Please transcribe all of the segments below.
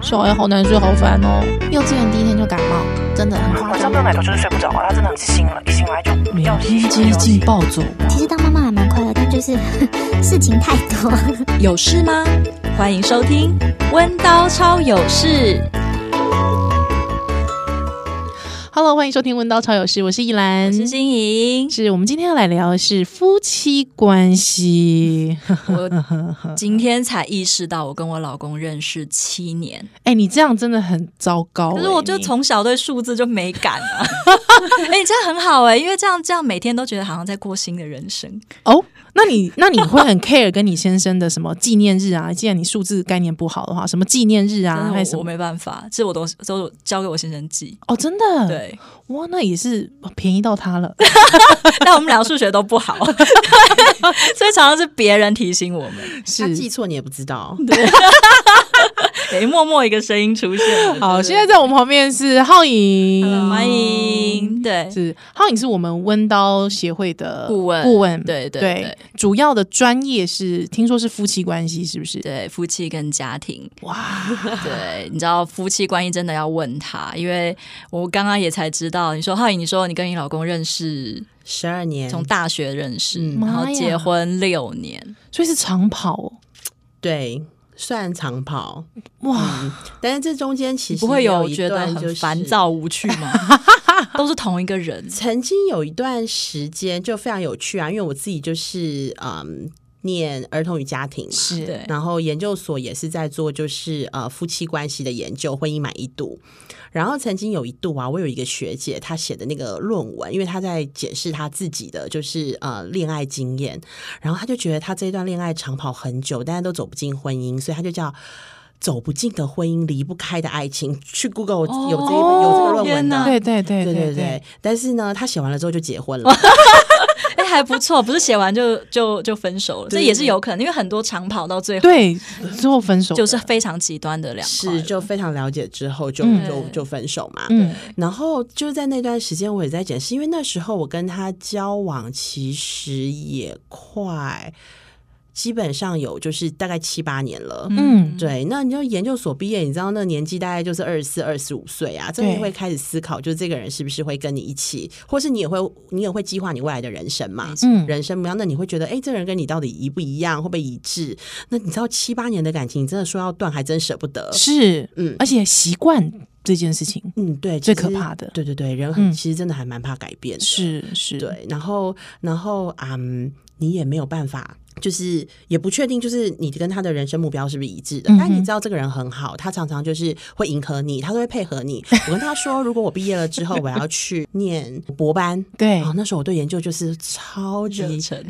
小孩好難睡，好煩哦。幼稚園第一天就感冒，真的。很、嗯、晚上沒有奶頭就是睡不着啊，他真的很清醒了，一醒來就。要天接近暴走。其實當媽媽還蠻快樂的，但就是事情太多。有事嗎？歡迎收聽《溫叨超有事》。Hello，歡迎收聽《溫叨超有事》，我是宜蘭，我是 Singing，是我們今天要來聊的是夫妻關係。 我今天才意識到，我跟我老公認識七年，哎、欸，你這樣真的很糟糕、欸。可是我就從小對數字就沒感啊。哎、 欸，你這樣很好哎、欸，因為這樣這樣每天都覺得好像在過新的人生哦。Oh? 那你那你會很 care 跟你先生的什麼紀念日啊？既然你數字概念不好的話，什麼紀念日啊，是還是什麼？我沒辦法，這我都都交給我先生記。哦，真的？對，哇，那也是便宜到他了。 但我們倆數學都不好， 所以常常是別人提醒我們，是他記錯你也不知道。對 哎， 默默一個聲音出現。好，現在在我們旁邊是皓引，歡迎。對，是皓引，是我們溫叨協會的顧問。顧問，對對對，主要的專業是，聽說是夫妻關係，是不是？對，夫妻跟家庭。哇，對，你知道夫妻關係真的要問他，因為我剛剛也才知道。你說皓引，你說你跟你老公認識十二年，從大學認識，然後結婚六年，所以是長跑。對。算長跑哇。嗯，但是這中間其實一段、就是、不會有覺得很煩躁無趣嘛， 都是同一個人，曾經有一段時間就非常有趣啊，因為我自己就是嗯。念兒童與家庭是。然後研究所也是在做，就是呃夫妻關係的研究，婚姻滿意度。然後曾經有一度啊，我有一個學姐，她寫的那個論文，因為她在解釋她自己的就是呃戀愛經驗。然後她就覺得她這一段戀愛長跑很久，但都走不進婚姻，所以她就叫“走不進的婚姻，離不開的愛情”。去 Google 有這一本、哦、有這個論文的、啊，對對對對對，對對對對。但是呢，她寫完了之後就結婚了。哦 還不錯，不是寫完就就就分手了，這也是有可能，因為很多長跑到最後對，最後分手就是非常極端的了解，是就非常了解之後就就就分手嘛，對。然後就在那段時間我也在解釋，因為那時候我跟他交往其實也快。基本上有就是大概七八年了，嗯，對。那你要研究所畢業，你知道那年紀大概就是二十四、二十五歲啊，真的會開始思考，就是這個人是不是會跟你一起，或是你也會你也會計劃你未來的人生嘛？嗯，人生不要。那你會覺得，哎、欸，這個人跟你到底一不一樣，會不會一致？那你知道七八年的感情，你真的說要斷，還真捨不得。是，嗯，而且習慣這件事情嗯，嗯，對，最可怕的，對對對，人很、嗯、其實真的還蠻怕改變，是是。對，然後然後啊，um, 你也沒有辦法。就是也不確定，就是你跟他的人生目標是不是一致的、嗯？但你知道這個人很好，他常常就是會迎合你，他都會配合你。我跟他說， 如果我畢業了之後，我要去念博班。對，啊、哦，那時候我對研究就是超級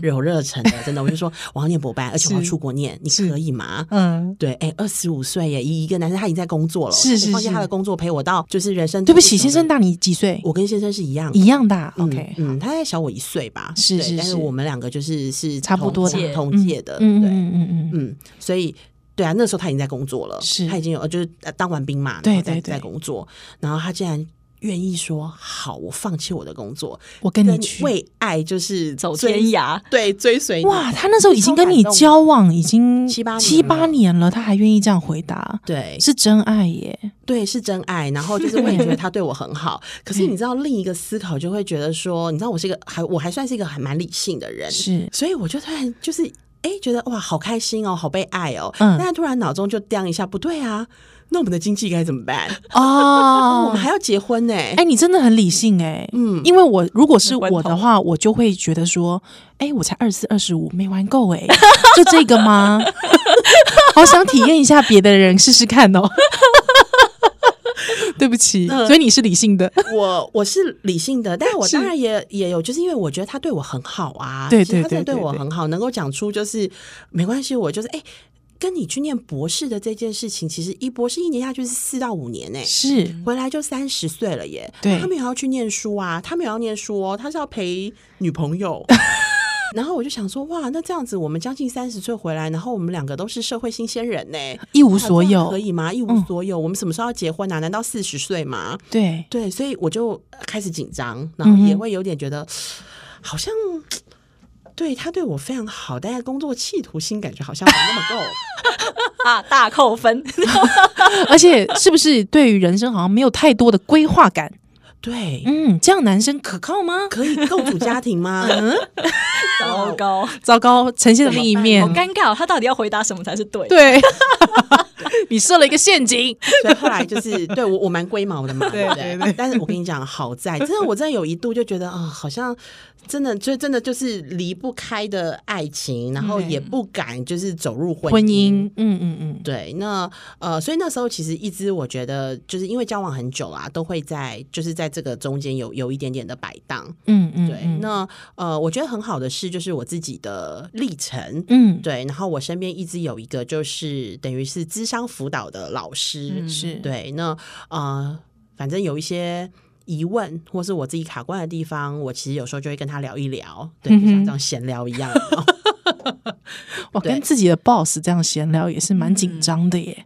有熱忱的，真的。我就說，我要念博班， 而且我要出國念，你可以嗎？嗯，對，哎、欸，二十五歲耶，一個男生他已經在工作了，是是放下、欸、他的工作陪我到就是人生。對不起，先生大你幾歲？我跟先生是一樣一樣大，OK，嗯，嗯他還小我一歲吧，是是是，是是，但是我們兩個就是是的差不多的。同屆的，嗯嗯，對，嗯嗯嗯，所以，對啊，那時候他已經在工作了，是他已經有，就是當完兵嘛，然後在，對對對，在工作，然後他竟然，願意說好，我放棄我的工作，我跟你去為愛就是走天涯，對，追隨你。哇，他那時候已經跟你交往已經七八七八年了，他還願意這樣回答，對，是真愛耶，對，是真愛。然後就是我也覺得他對我很好， 可是你知道另一個思考就會覺得說， 你知道我是一個還我還算是一個還蠻理性的人，是，所以我就突然就是哎覺得哇好開心哦，好被愛哦，嗯，但是突然腦中就這樣一下，不對啊。那我們的經濟該怎麼辦哦，oh, 我們還要結婚呢、欸。哎、欸，你真的很理性哎、欸。嗯，因為我如果是我的話，我就會覺得說，哎、欸，我才二十四、二十五，沒玩夠哎、欸，就這個嗎？ 好想體驗一下別的人試試 看哦、喔。 對不起，所以你是理性的。我我是理性的，但是我當然也也有，就是因為我覺得他對我很好啊。對對對，對，對，對，對，他真的對我很好，能夠講出就是沒關係，我就是哎。欸跟你去念博士的這件事情，其實一博士一年下去是四到五年呢、欸，是回來就三十歲了耶。對，他們也要去念書啊，他們也要念書哦。他是要陪女朋友， 然後我就想說，哇，那這樣子我們將近三十歲回來，然後我們兩個都是社會新鮮人呢、欸，一無所有、啊、可以嗎？一無所有、嗯，我們什麼時候要結婚啊？難道四十歲嗎？對對，所以我就開始緊張，然後也會有點覺得嗯嗯好像。對他對我非常好，但是工作企圖心感覺好像不那麼夠啊，大扣分。 而且是不是對於人生好像沒有太多的規劃感？對，嗯，這樣男生可靠嗎？可以構築家庭嗎？ 嗯、糟糕、哦，糟糕，呈現的另一面，好、啊哦、尷尬。他到底要回答什麼才是對的？對， 你設了一個陷阱。所以後來就是對我，我蠻龜毛的嘛， 對不對？ 但是我跟你講，好在，真的，我真的有一度就覺得啊、呃，好像。真的，就真的就是離不開的愛情，然後也不敢就是走入婚姻。嗯婚姻嗯嗯，嗯，對。那呃，所以那時候其實一直我覺得，就是因為交往很久啊，都會在就是在這個中間有有一點點的擺盪。嗯嗯，對。那呃，我覺得很好的是，就是我自己的歷程。嗯，對。然後我身邊一直有一個就是等於是諮商輔導的老師，嗯、是對。那呃，反正有一些。疑問，或是我自己卡關的地方，我其實有時候就會跟他聊一聊，對，就像這樣閒聊一樣。我、嗯、 跟自己的 boss 這樣閒聊也是蠻緊張的耶。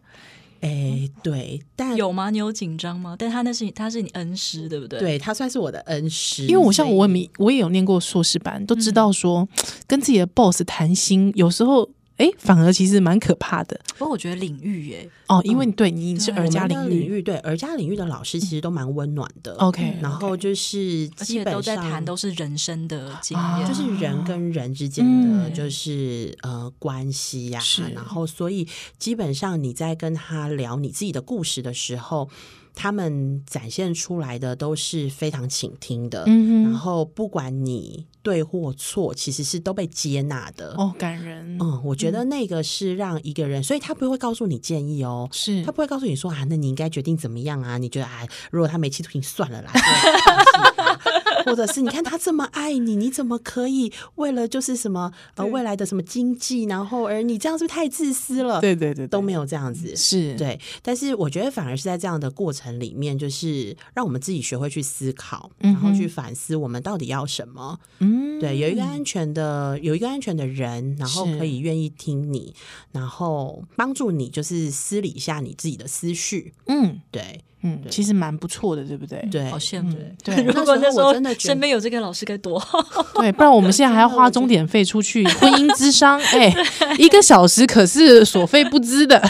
哎、嗯嗯欸，對，但有嗎？你有緊張嗎？但他那是他是你恩師，對不對？對，他算是我的恩師，因為我像我也沒我也有念過碩士班，都知道說、嗯、跟自己的 boss 談心，有時候。哎，反而其實蠻可怕的。不過我覺得領域，耶，哦、oh，因為對、嗯、你是兒家領域，對，我們的領域，對，兒家領域的老師其實都蠻溫暖的。OK，嗯、然後就是基本上都在談都是人生的經驗，啊、就是人跟人之間的就是、嗯、呃關係呀、啊。然後，所以基本上你在跟他聊你自己的故事的時候。他們展現出來的都是非常傾聽的、嗯，然後不管你對或錯，其實是都被接納的。哦，感人。嗯，我覺得那個是讓一個人，嗯、所以他不會告訴你建議哦，是他不會告訴你說啊，那你應該決定怎麼樣啊？你覺得啊，如果他沒氣頭，你算了啦。對啊 是 或者是你看他這麼愛你，你怎麼可以為了就是什麼呃未來的什麼經濟，然後而你這樣是不是太自私了？對對對，對，都沒有這樣子，是對。但是我覺得反而是在這樣的過程裡面，就是讓我們自己學會去思考、嗯，然後去反思我們到底要什麼。嗯，對，有一個安全的，有一個安全的人，然後可以願意聽你，然後幫助你，就是梳理一下你自己的思緒。嗯，對。嗯，其實蠻不錯的，對不對？嗯、對，好羨慕。對，如果那時候我真的覺得身邊有這個老師該多好。 對，不然我們現在還要花鐘點費出去婚姻諮商，哎、欸，一個小時可是所費不赀的，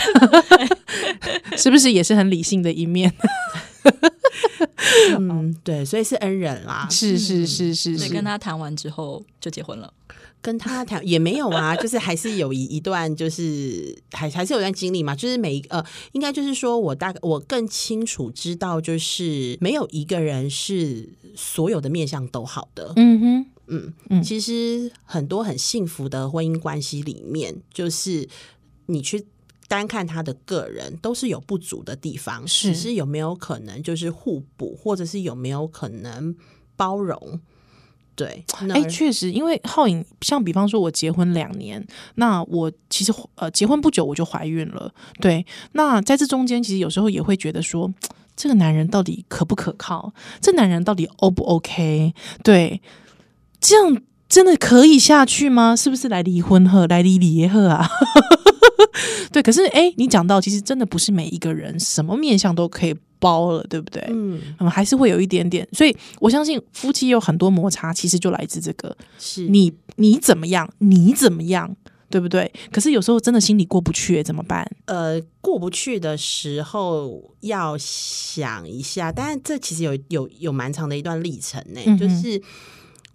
是不是？也是很理性的一面。 嗯，對，所以是恩人啦。是是是是是，跟他談完之後就結婚了。跟他談也沒有啊，就是還是有一一段，就是還 還是有一段經歷嘛。就是每一個呃，應該就是說我大概我更清楚知道，就是沒有一個人是所有的面向都好的。嗯哼，嗯嗯，其實很多很幸福的婚姻關係裡面，就是你去單看他的個人都是有不足的地方，是只是有沒有可能就是互補，或者是有沒有可能包容？對，哎、no. 欸，確實，因為皓引，像比方說，我結婚兩年，那我其實呃，結婚不久我就懷孕了。對，那在這中間，其實有時候也會覺得說，這個男人到底可不可靠？這男人到底 O 不 OK？對，這樣真的可以下去嗎？是不是來離婚和來離離合啊？ 對，可是哎、欸，你講到，其實真的不是每一個人，什麼面相都可以。包了，對不對？嗯，嗯，還是會有一點點，所以我相信夫妻有很多摩擦，其實就來自這個。是你你怎麼樣，你怎麼樣，對不對？可是有時候真的心裡過不去，怎麼辦？呃，過不去的時候要想一下，但是這其實有有有蠻長的一段歷程呢，嗯，就是。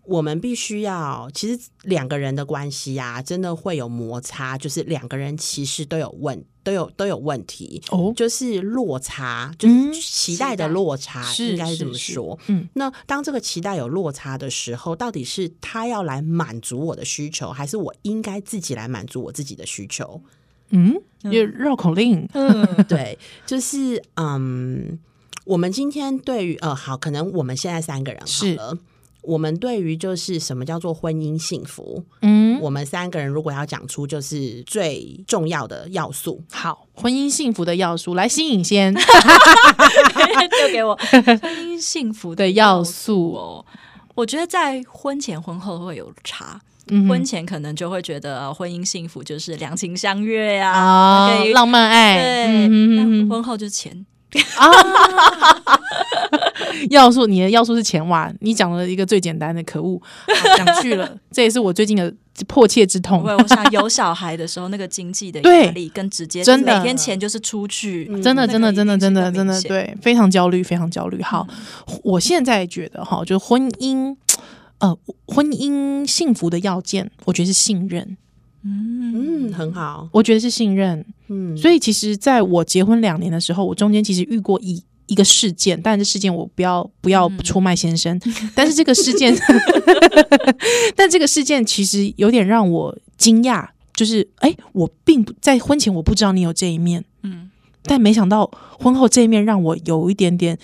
我們必須要，其實兩個人的關係啊，真的會有摩擦，就是兩個人其實都有問題，都有都有問題，哦、就是落差、嗯，就是期待的落差，嗯、應該是這麼說是是是。嗯，那當這個期待有落差的時候，到底是他要來滿足我的需求，還是我應該自己來滿足我自己的需求？嗯，繞口令。嗯，對，就是嗯，我們今天對於呃，好，可能我們現在三個人好了。是我們對於就是什麼叫做婚姻幸福？嗯，我們三個人如果要講出就是最重要的要素，好，婚姻幸福的要素，來 Singing 先就 給我婚姻幸福的，哦、的要素哦。我覺得在婚前婚後會有差，嗯，婚前可能就會覺得婚姻幸福就是兩情相悅呀，啊哦，浪漫愛，對，嗯，婚後就是錢。啊！ 要素，你的要素是錢哇！你講了一個最簡單的可惡，可惡，想去了， 這也是我最近的迫切之痛。 我想有小孩的時候，那個經濟的壓力跟直接 真的每天錢就是出去，嗯、真的、嗯、真的、那個、真的真的真的對，非常焦慮，非常焦慮。好，我現在覺得哈，就是婚姻，呃，婚姻幸福的要件，我覺得是信任。嗯嗯，很好，我覺得是信任。嗯，所以其實在我結婚兩年的時候，我中間其實遇過一一個事件，但是事件我不要不要出賣先生、嗯，但是這個事件， 但這個事件其實有點讓我驚訝，就是哎，我並不在婚前我不知道你有這一面，嗯，但沒想到婚後這一面讓我有一點點，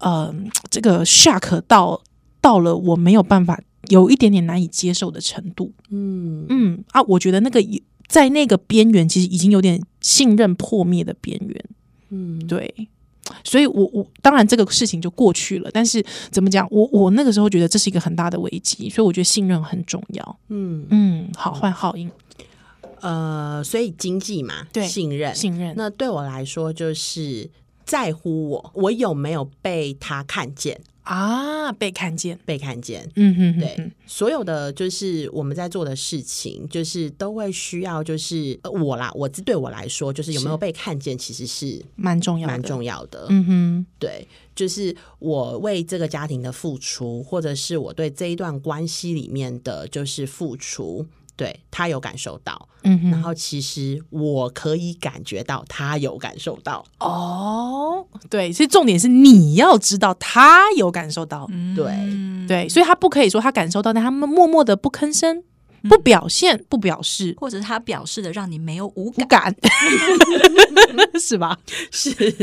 呃，這個 shock 到到了我沒有辦法。有一點點難以接受的程度，嗯嗯啊，我覺得那個在那個邊緣，其實已經有點信任破滅的邊緣，嗯對，所以我我當然這個事情就過去了，但是怎麼講，我我那個時候覺得這是一個很大的危機，所以我覺得信任很重要，嗯嗯，好好好。呃，所以經濟嘛，對信任信任，那對我來說就是在乎我我有沒有被他看見。啊，被看見，被看見，嗯哼,哼,哼，對，所有的就是我們在做的事情，就是都會需要，就是、呃、我啦，我這對我來說，就是有沒有被看見，其實是蠻重要的，蠻重,重要的，嗯哼，對，就是我為這個家庭的付出，或者是我對這一段關係裡面的就是付出。對他有感受到，嗯，然後其實我可以感覺到他有感受到哦，對，所以重點是你要知道他有感受到，對、嗯、對，所以他不可以說他感受到，但他們默默的不吭聲。不表現、嗯，不表示，或者他表示的讓你沒有無感， 是吧？是，是是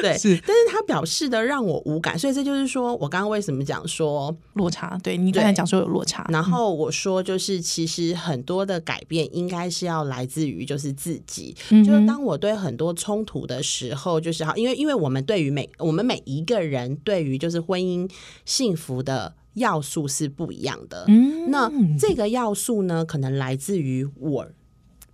對，是。但是他表示的讓我無感，所以這就是說我剛剛為什麼講說落差。對，對你剛才講說有落差，然後我說就是其實很多的改變應該是要來自於就是自己，嗯、就是當我對很多衝突的時候，就是哈，因為因為我們對於每我們每一個人對於就是婚姻幸福的。要素是不一樣的。嗯，那這個要素呢，可能來自於我，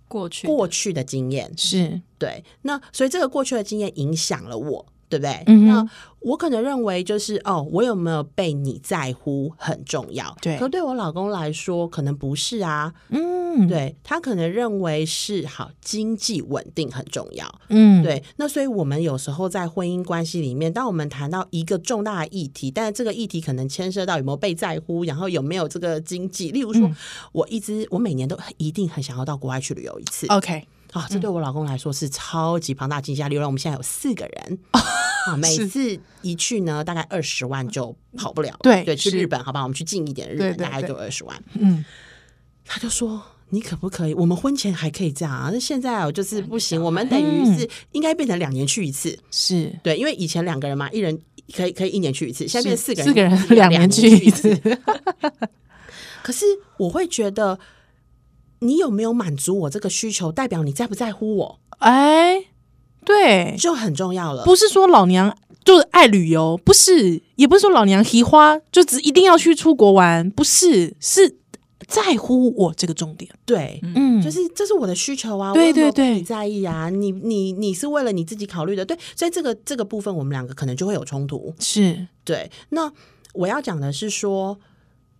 過去，過去的經驗，是，對。那所以這個過去的經驗影響了我。對不對？嗯。那我可能認為就是哦，我有沒有被你在乎很重要。對，可對我老公來說可能不是啊。嗯，對，他可能認為是好經濟穩定很重要。嗯，對。那所以我們有時候在婚姻關係裡面，當我們談到一個重大的議題，但是這個議題可能牽涉到有沒有被在乎，然後有沒有這個經濟。例如說，嗯，我一直我每年都一定很想要到國外去旅遊一次。OK。啊，這對我老公來說是超級龐大驚嚇例如因為我們現在有四個人，啊、每次一去呢，大概二十萬就跑不了，了。對對，去日本好不好，好吧，我們去近一點，日本對對對大概就二十萬。嗯，他就說：“你可不可以？我們婚前還可以這樣啊，那現在我就是不行。嗯、我們等於是應該變成兩年去一次。是對，因為以前兩個人嘛，一人可以可以一年去一次，現在四個人，四個人兩年去一次。 可是我會覺得。”你有沒有滿足我這個需求，代表你在不在乎我？哎、欸，對，就很重要了。不是說老娘就是愛旅遊，不是，也不是說老娘提花，就只一定要去出國玩，不是是在乎我這個重點。對，嗯，就是這是我的需求啊，我對,對,對,對，對，你在意啊，你你你是為了你自己考慮的，對，所以這個這個部分我們兩個可能就會有衝突。是對，那我要講的是說。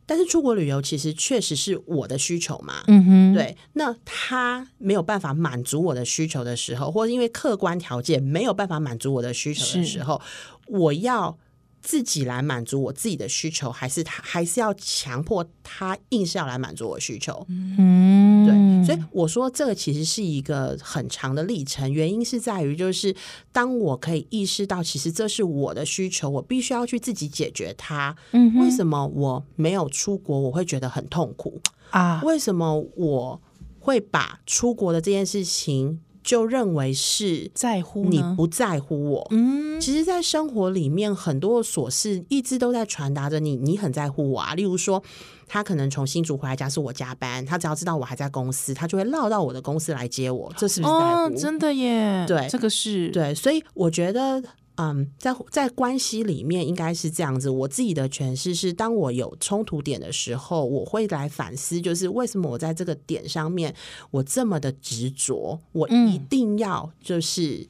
但是出國旅遊其實確實是我的需求嘛，嗯哼，對，那他沒有辦法滿足我的需求的時候，或者因為客觀條件沒有辦法滿足我的需求的時候，我要。自己來滿足我自己的需求，還是他還是要強迫他硬是要來滿足我需求？嗯、mm -hmm.，對，所以我說這個其實是一個很長的歷程，原因是在於就是當我可以意識到，其實這是我的需求，我必須要去自己解決它。Mm -hmm. 為什麼我沒有出國我會覺得很痛苦啊？Uh. 為什麼我會把出國的這件事情，就認為是在乎你，不在乎我。嗯，其實，在生活裡面很多的瑣事一直都在傳達着你，你很在乎我啊。例如說，他可能從新竹回來，假使我加班，他只要知道我還在公司，他就會繞到我的公司來接我。這是不是在乎？真的耶。對，這個是。對，所以我覺得。嗯，um，在在關係裡面應該是這樣子。我自己的詮釋是，當我有衝突點的時候，我會來反思，就是為什麼我在這個點上面我這麼的執着，我一定要就是。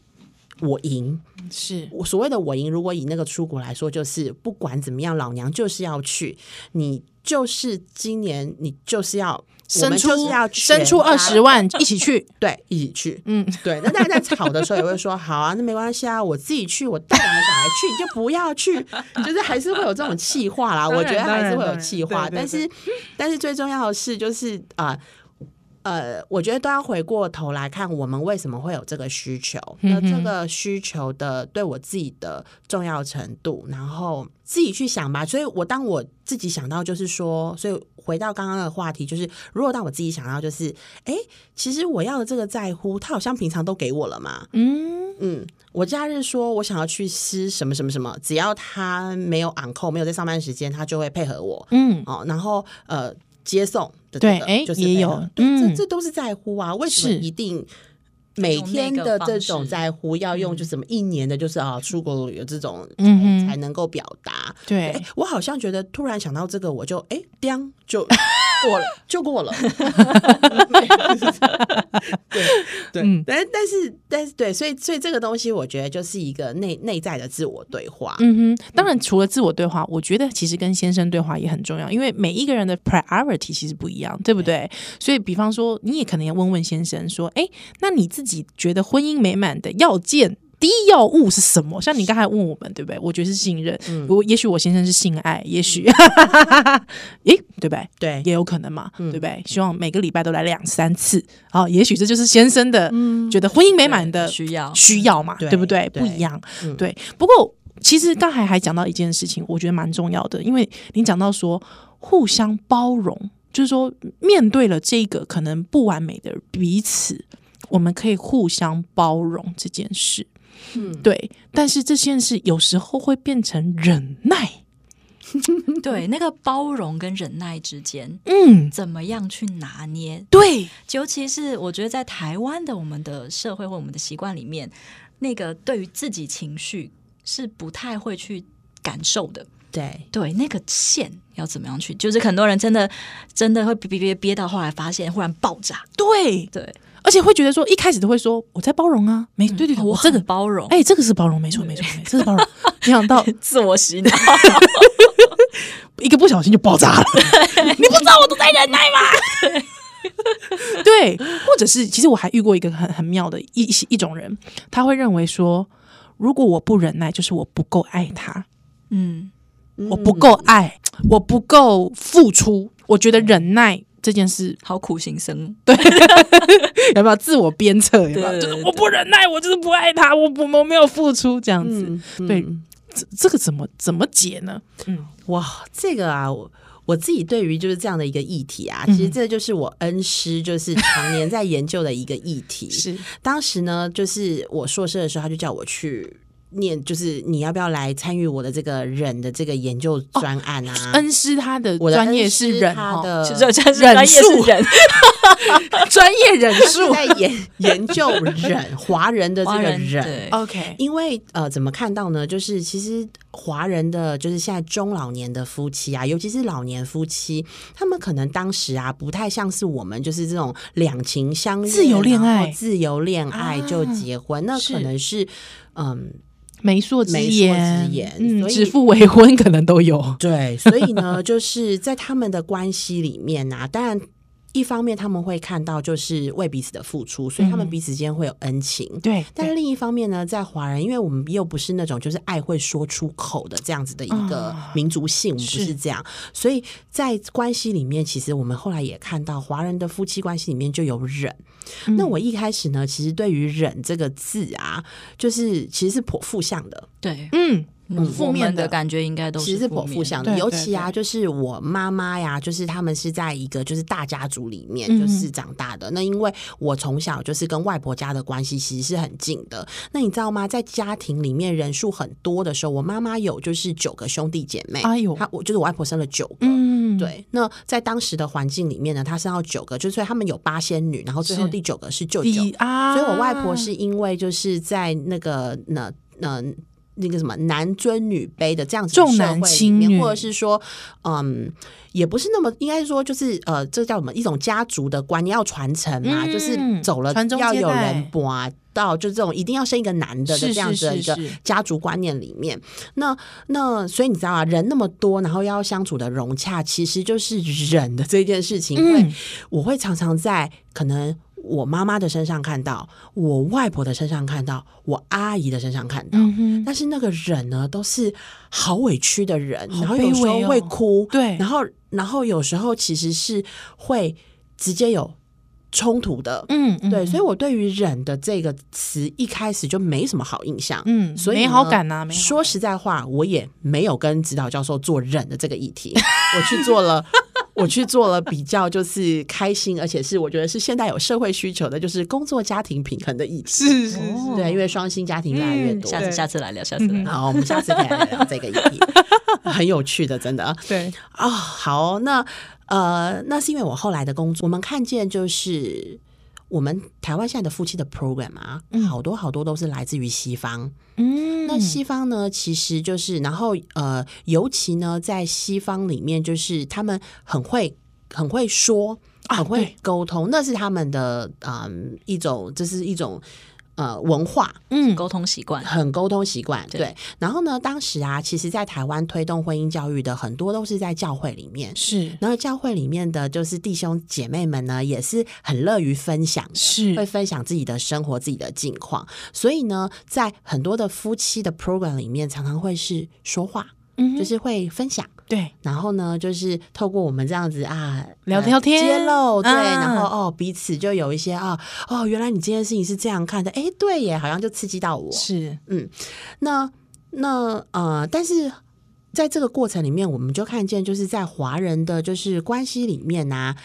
我贏是我所謂的我贏。如果以那個出國來說，就是不管怎麼樣，老娘就是要去。你就是今年，你就是要生出，我們就是要生出二十萬一起去， 對，一起去。嗯，對。那大家在吵的時候也會說， 好啊，那沒關係啊，我自己去，我帶兩個小孩去， 你就不要去。就是還是會有這種氣話啦， 我覺得還是會有氣話。但是對對對，但是最重要的是，就是啊。呃呃，我覺得都要回過頭來看我們為什麼會有這個需求，那、嗯、這個需求的對我自己的重要程度，然後自己去想吧。所以，我當我自己想到就是說，所以回到剛剛的話題，就是如果當我自己想到就是，哎，其實我要的這個在乎，他好像平常都給我了嘛。嗯嗯，我假日說我想要去吃什麼什麼什麼，只要他沒有昂扣，沒有在上班時間，他就會配合我。嗯，哦，然後呃。接送對，哎、欸，就是，也有，對，這這都是在乎啊，嗯、為什麼一定，每天的這種在乎要用，就是什麼一年的，就是啊，出國旅遊這種，嗯嗯，才能夠表達。對、欸，我好像覺得突然想到這個，我就哎，掉、欸、就 過了，就過了。對 對，但、嗯、但是但是對，所以所以這個東西，我覺得就是一個內內在的自我對話。嗯哼，當然除了自我對話、嗯，我覺得其實跟先生對話也很重要，因為每一個人的 priority 其實不一樣，對不對？對所以，比方說你也可能要問問先生說，哎、欸，那你自己。自己覺得婚姻美滿的要件，第一要務是什麼？像你剛才問我們，對不對？我覺得是信任。嗯、不過也許我先生是性愛，也許哎、嗯， 對不對？對，也有可能嘛，嗯、對不對？希望每個禮拜都來兩三次。好、啊，也許這就是先生的、嗯、覺得婚姻美滿的需要需要嘛，對,對不對,對？不一樣，對。對嗯、對不過其實剛才還講到一件事情，我覺得蠻重要的，因為您講到說互相包容，就是說面對了這個可能不完美的彼此。我們可以互相包容這件事，嗯，對。但是這件事有時候會變成忍耐， 對，那個包容跟忍耐之間，嗯，怎麼樣去拿捏？對，尤其是我覺得在台灣的我們的社會或我們的習慣裡面，那個對於自己情緒是不太會去感受的。對對，那個線要怎麼樣去？就是很多人真的真的會憋憋憋到後來發現，忽然爆炸。對對。而且會覺得說，一開始都會說我在包容啊，沒對對對，嗯、我很包容，我這個包容，哎、欸，這個是包容，沒錯沒錯，這是包容。沒 想到自我洗腦 一個不小心就爆炸了。 你不知道我都在忍耐嗎？對， 對，或者是其實我還遇過一個很很妙的一一種人，他會認為說，如果我不忍耐，就是我不夠愛他，嗯，我不夠愛、嗯，我不夠付出，我覺得忍耐。這件事好苦行僧對， 有沒有自我鞭策？有沒有？對對對對，就是我不忍耐，我就是不愛他，我不我沒有付出這樣子。嗯、對，嗯、這這個怎麼怎麼解呢？哇、嗯，這個啊，我我自己對於就是這樣的一個議題啊，嗯、其實這就是我恩師就是常年在研究的一個議題。 是當時呢，就是我碩士的時候，他就叫我去。念，就是你要不要來參與我的這個忍的這個研究專案啊？哦、恩，師恩師，恩師他的專、哦、業是忍， 業忍，他的忍術專業忍術在研研究忍，華人的這個忍。OK，因為呃，怎麼看到呢？就是其實華人的就是現在中老年的夫妻啊，尤其是老年夫妻，他們可能當時啊，不太像是我們就是這種兩情相悅、自由戀愛、自由戀愛就結婚，啊、那可能是，是嗯。媒妁之言，指腹、嗯、為婚可能都有。對，所以呢， 就是在他們的關係裡面呢、啊，當然。一方面他們會看到就是為彼此的付出，所以他們彼此間會有恩情、嗯對。對，但另一方面呢，在華人，因為我們又不是那種就是愛會說出口的這樣子的一個民族性，我、哦、們不是這樣，所以在關係裡面，其實我們後來也看到華人的夫妻關係裡面就有忍、嗯。那我一開始呢，其實對於“忍”這個字啊，就是其實是頗負向的。對，嗯。嗯，負面的，的感覺應該都是其實是婆負相，的，尤其啊，就是我媽媽呀，就是他們是在一個就是大家族裡面、嗯、就是長大的。那因為我從小就是跟外婆家的關係其實是很近的。那你知道嗎？在家庭裡面人數很多的時候，我媽媽有就是九個兄弟姐妹。哎呦，她我就是我外婆生了九個。嗯，對。那在當時的環境裡面呢，她生了九個，就是他們有八仙女，然後最後第九個是舅舅。所以，我外婆是因為就是在那個呢，那、呃。呃那個什麼男尊女卑的這樣子社會裡面，或者是說，嗯，也不是那麼應該說，就是呃，這叫什麼一種家族的觀念要傳承嘛，就是走了要有人播到，就這種一定要生一個男的的這樣子的一個家族觀念裡面。那那所以你知道啊，人那麼多，然後要相處的融洽，其實就是忍的這件事情。因為我會常常在可能。我媽媽的身上看到，我外婆的身上看到，我阿姨的身上看到，嗯、但是那個忍呢，都是好委屈的人，哦，然後有時候會哭，對，然後然後有時候其實是會直接有衝突的，嗯，嗯，對，所以我對於忍的這個詞一開始就沒什麼好印象，嗯，所以好感、啊、好感說實在話，我也沒有跟指導教授做忍的這個議題， 我去做了。 我去做了比較，就是開心，而且是我覺得是現在有社會需求的，就是工作家庭平衡的議題。是、是、是，對，嗯、因為雙薪家庭越來越多，下次下次來聊，下次來聊，嗯、好，我們下次再來聊這個議題， 很有趣的，真的。對啊，哦，好，那呃，那是因為我後來的工作，我們看見就是。我們台灣現在的夫妻的 program 啊，好多好多都是來自於西方。嗯，那西方呢，其實就是，然後呃，尤其呢，在西方裡面，就是他們很會、很會說、很會溝通、啊，那是他們的嗯、呃、一種，這、就是一種。呃，文化，嗯，溝通習慣很溝通習慣，對。然後呢，當時啊，其實，在台灣推動婚姻教育的很多都是在教會裡面，是。然後教會裡面的，就是弟兄姐妹們呢，也是很樂於分享，是會分享自己的生活、自己的近況。所以呢，在很多的夫妻的 program 裡面，常常會是說話，嗯，就是會分享。對，然後呢，就是透過我們這樣子啊，聊天揭露，對，啊、然後哦，彼此就有一些啊，哦，原來你這件事情是這樣看的，哎，對耶，好像就刺激到我，是，嗯，那那呃，但是在這個過程裡面，我們就看見，就是在華人的就是關係裡面呢、啊，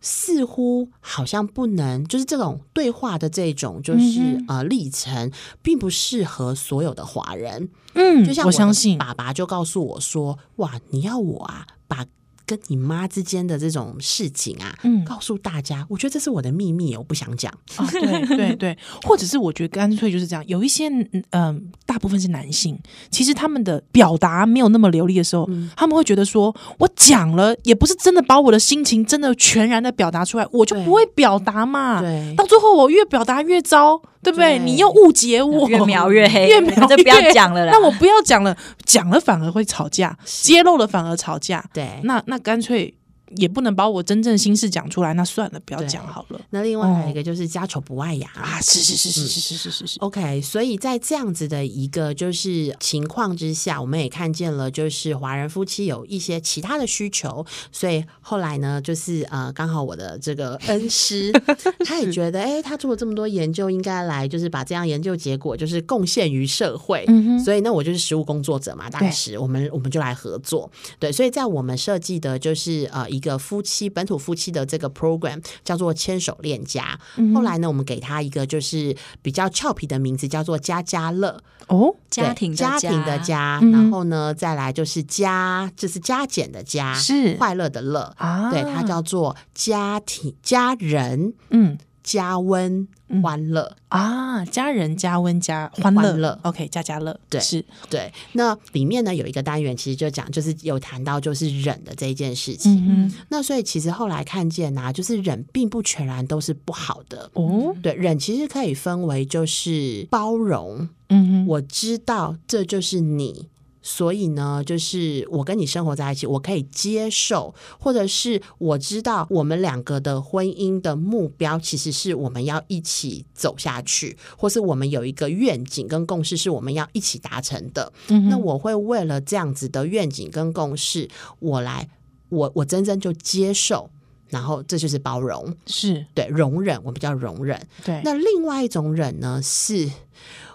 似乎好像不能，就是這種對話的這種就是、嗯、呃歷程，並不適合所有的華人。嗯，就像我相信爸爸就告訴我說我：“哇，你要我啊，把跟你媽之間的這種事情啊，嗯，告訴大家。”我覺得這是我的秘密，我不想講。啊，對對對，或者是我覺得乾脆就是這樣。有一些嗯，呃，大部分是男性，其實他們的表達沒有那麼流利的時候，嗯，他們會覺得說：“我講了，也不是真的把我的心情真的全然的表達出來，我就不會表達嘛。”對，到最後我越表達越糟。對不對，對？你又誤解我，越描越黑，越描就不要講了啦。那我不要講了，講了反而會吵架，揭露了反而吵架。對，那那乾脆。也不能把我真正的心事講出來，那算了，不要講好了。那另外還有一個就是家醜不外揚、嗯、啊，是是是是是是是是，OK，所以在這樣子的一個就是情況之下，我們也看見了，就是華人夫妻有一些其他的需求，所以後來呢，就是呃，剛好我的這個恩師， 他也覺得，哎、欸，他做了這麼多研究，應該來就是把這樣研究結果就是貢獻於社會。嗯，所以那我就是實務工作者嘛，當時我們我們就來合作。對，所以在我們設計的就是呃。一個夫妻本土夫妻的這個 program 叫做牽手戀家、嗯，後來呢，我們給他一個就是比較俏皮的名字，叫做家家樂哦，家庭家庭的家，家，庭的家、嗯，然後呢，再來就是家，就是加減的加，是快樂的樂啊，對，它叫做家庭家人，嗯。加溫、嗯、歡樂啊，家人加溫加歡樂，歡樂，OK，家家樂，對，是，對。那裡面呢，有一個單元，其實就講，就是有談到就是忍的這一件事情，嗯。那所以其實後來看見吶，啊，就是忍並不全然都是不好的哦。對，忍其實可以分為就是包容，嗯哼，我知道這就是你。所以呢，就是我跟你生活在一起，我可以接受，或者是我知道我們兩個的婚姻的目標，其實是我們要一起走下去，或是我們有一個願景跟共識，是我們要一起達成的，嗯。那我會為了這樣子的願景跟共識，我來，我我真正就接受，然後這就是包容，是，對，容忍，我們叫容忍。對，那另外一種忍呢，是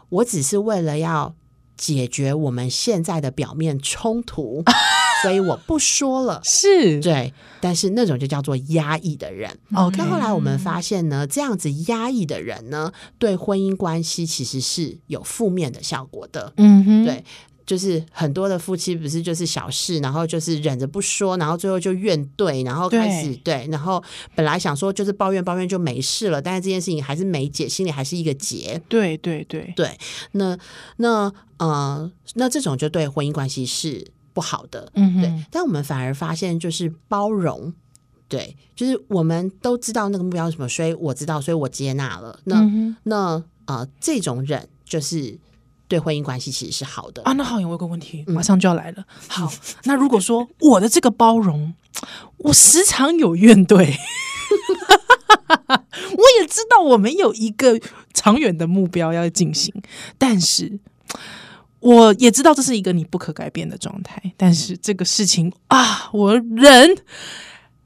我只是為了要。解決我們現在的表面衝突， 所以我不說了。 是，對，但是那種就叫做壓抑的人哦。那、okay. 後來我們發現呢，這樣子壓抑的人呢，對婚姻關係其實是有負面的效果的。嗯、mm-hmm.，對。就是很多的夫妻不是就是小事，然後就是忍着不說，然後最後就怨懟，然後開始對,對，然後本來想說就是抱怨抱怨就沒事了，但是這件事情還是沒解，心裡還是一個結。對對對對，那那呃那這種就對婚姻關係是不好的。嗯哼，對，但我們反而發現就是包容，對，就是我們都知道那個目標是什麼，所以我知道，所以我接納了。那、嗯、那呃，這種忍就是。對婚姻關係其實是好的啊。那好，我有一個問題，馬上就要來了。嗯。好，那如果說我的這個包容，我時常有怨懟， 我也知道我們有一個長遠的目標要進行，但是我也知道這是一個你不可改變的狀態。但是這個事情啊，我忍，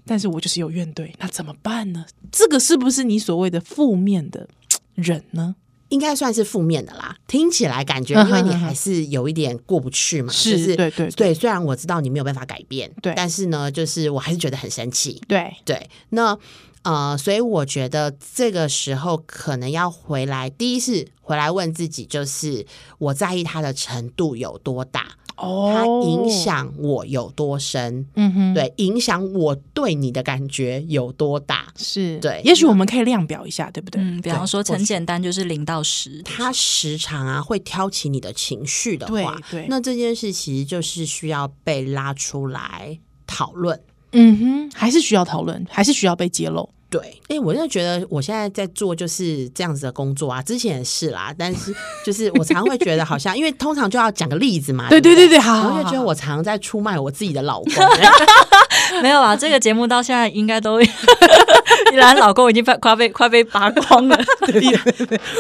但是我就是有怨懟，那怎麼辦呢？這個是不是你所謂的負面的忍呢？應該算是負面的啦，聽起來感覺，因為你還是有一點過不去嘛，嗯哼哼就是、是，對對對，對。雖然我知道你沒有辦法改變，對，但是呢，就是我還是覺得很生氣，對對。那呃，所以我覺得這個時候可能要回來，第一是回來問自己，就是我在意他的程度有多大。哦，它影響我有多深？哦，嗯哼，對，影響我對你的感覺有多大？是對，也許我們可以量表一下，對不對？嗯，比方說，很簡單就是零到十。它時常啊會挑起你的情緒的話。對，對，那這件事其實就是需要被拉出來討論。嗯哼，還是需要討論，還是需要被揭露。對，哎、欸，我就覺得我現在在做就是這樣子的工作啊，之前也是啦，但是就是我常會覺得好像，因為通常就要講個例子嘛。 對，對，對對對對，好，我就覺得我常在出賣我自己的老公。 沒有啊，這個節目到現在應該都怡蘭 老公已經快被快被扒光了 對，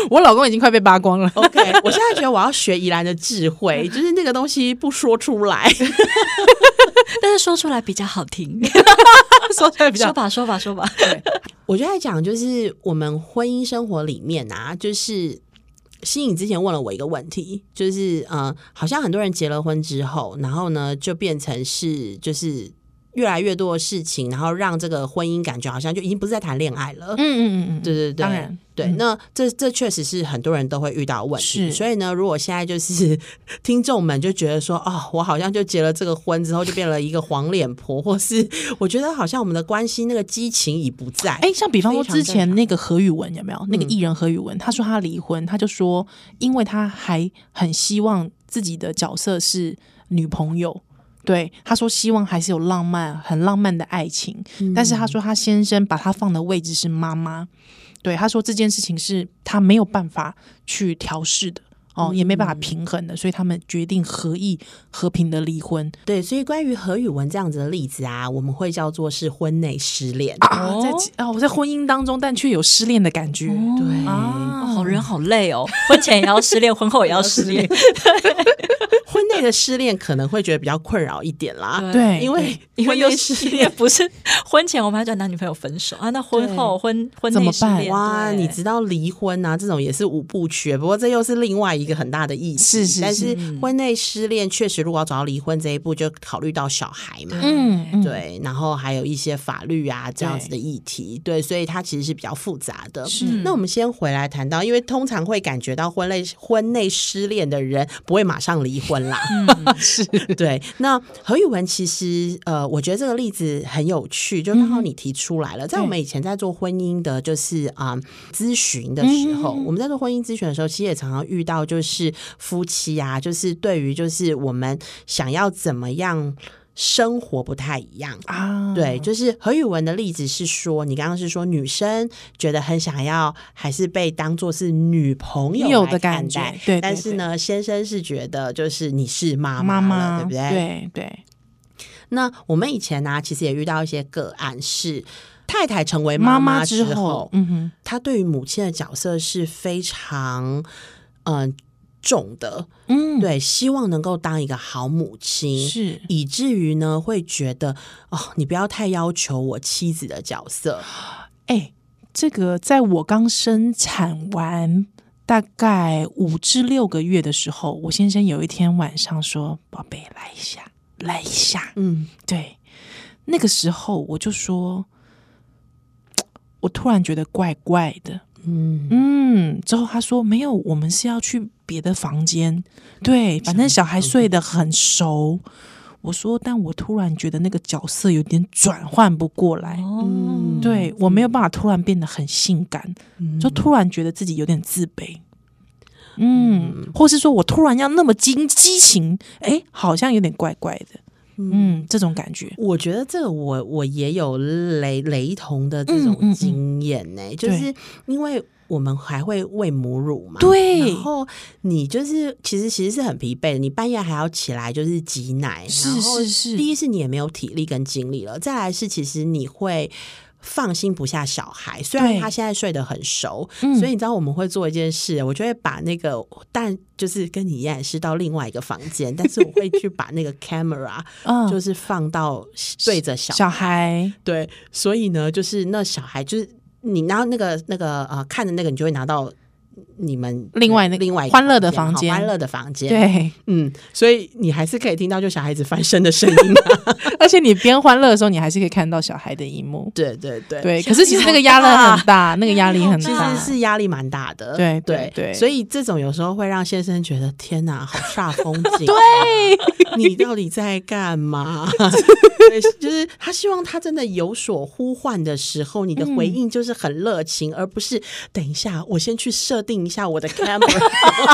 我老公已經快被扒光了。 OK，我現在覺得我要學怡蘭的智慧，就是那個東西不說出來 但是說出來比較好聽。 說說吧，說吧，說吧，對我就在講，就是我們婚姻生活裡面啊，就是心穎之前問了我一個問題，就是呃，好像很多人結了婚之後，然後呢就變成是就是。越來越多的事情，然後讓這個婚姻感覺好像就已經不是在談戀愛了。嗯嗯嗯嗯，對對對，當然對。嗯、那這這確實是很多人都會遇到問題是。所以呢，如果現在就是聽眾們就覺得說，哦，我好像就結了這個婚之後，就變了一個黃臉婆， 或是我覺得好像我們的關係那個激情已不在。哎、欸，像比方說之前那個何雨文有沒有常常？那個藝人何雨文、嗯，他說他離婚，他就說因為他還很希望自己的角色是女朋友。對，他說希望還是有浪漫，很浪漫的愛情。嗯、但是他說他先生把他放的位置是媽媽。對，他說這件事情是他沒有辦法去調適的，哦、嗯，也沒辦法平衡的，所以他們決定合意和平的離婚。對，所以關於何宇文這樣子的例子啊，我們會叫做是婚內失戀。啊，在啊，我、哦、在婚姻當中，但卻有失戀的感覺。哦、對，好、啊哦、人好累哦，婚前也要失戀， 婚後也要失戀。 內、這、的、個、失戀可能會覺得比較困擾一點啦，對，因為因為又失戀不是 婚前我們還講男女朋友分手啊，那婚後婚婚內失戀怎麼辦哇，你知道離婚啊這種也是五部曲，不過這又是另外一個很大的議題。是是是，但是婚內失戀、嗯、確實如果要走到離婚這一步，就考慮到小孩嘛，嗯，嗯對，然後還有一些法律啊這樣子的議題，對，對，所以它其實是比較複雜的。是，那我們先回來談到，因為通常會感覺到婚內婚內失戀的人不會馬上離婚啦。 是對。那何宇文其實，呃，我覺得這個例子很有趣，就剛好你提出來了。在我們以前在做婚姻的，就是啊，諮詢的時候嗯嗯嗯嗯嗯，我們在做婚姻諮詢的時候，其實也常常遇到，就是夫妻啊，就是對於就是我們想要怎麼樣。生活不太一樣啊，對，就是何宇文的例子是說，你剛剛是說女生覺得很想要，還是被當作是女朋友的感覺？對，對，對，但是呢，先生是覺得就是你是媽媽了，媽媽對不對？對對。那我們以前呢、啊，其實也遇到一些個案是，是太太成為媽媽之後，媽媽之後、嗯，她對於母親的角色是非常，嗯、呃。重的，嗯，對，希望能夠當一個好母親，是，以至於呢，會覺得哦，你不要太要求我妻子的角色。哎、欸，這個在我剛生產完大概五至六個月的時候，我先生有一天晚上說：“寶貝，來一下，來一下。”嗯，對，那個時候我就說，我突然覺得怪怪的，嗯嗯。之後他說：“沒有，我們是要去。”別的房間，對，反正小孩睡得很熟。我說，但我突然覺得那個角色有點轉換不過來。嗯、哦，對，我沒有辦法突然變得很性感、嗯，就突然覺得自己有點自卑。嗯，嗯，或是說我突然要那麼激激情，哎，好像有點怪怪的嗯。嗯，這種感覺，我覺得這個我我也有雷雷同的這種經驗呢、欸，嗯嗯嗯嗯，就是因為。我們還會餵母乳嘛？對。然後你就是，其實其實是很疲憊的。你半夜還要起來就是擠奶，是是是。第一是你也沒有體力跟精力了，再來是其實你會放心不下小孩，雖然他現在睡得很熟。所以你知道我們會做一件事，嗯、我就會把那個，但就是跟你一樣是到另外一個房間， 但是我會去把那個 camera，就是放到對着小孩、嗯、小孩。對，所以呢，就是那小孩就是。你拿那個那個啊、呃，看的那個，你就會拿到。你們另外那另外歡樂的房間，歡樂的房間，對，嗯，所以你還是可以聽到就小孩子翻身的聲音、啊， 而且你邊歡樂的時候，你還是可以看到小孩的螢幕，對對對，對。可是其實那個壓力很大，很大，那個壓力很大，其實是壓力蠻大的，對對對，對。所以這種有時候會讓先生覺得天哪，好煞風景、啊，對， 你到底在幹嘛？ 就是他希望他真的有所呼喚的時候，你的回應就是很熱情、嗯，而不是等一下我先去設定一下我的 camera，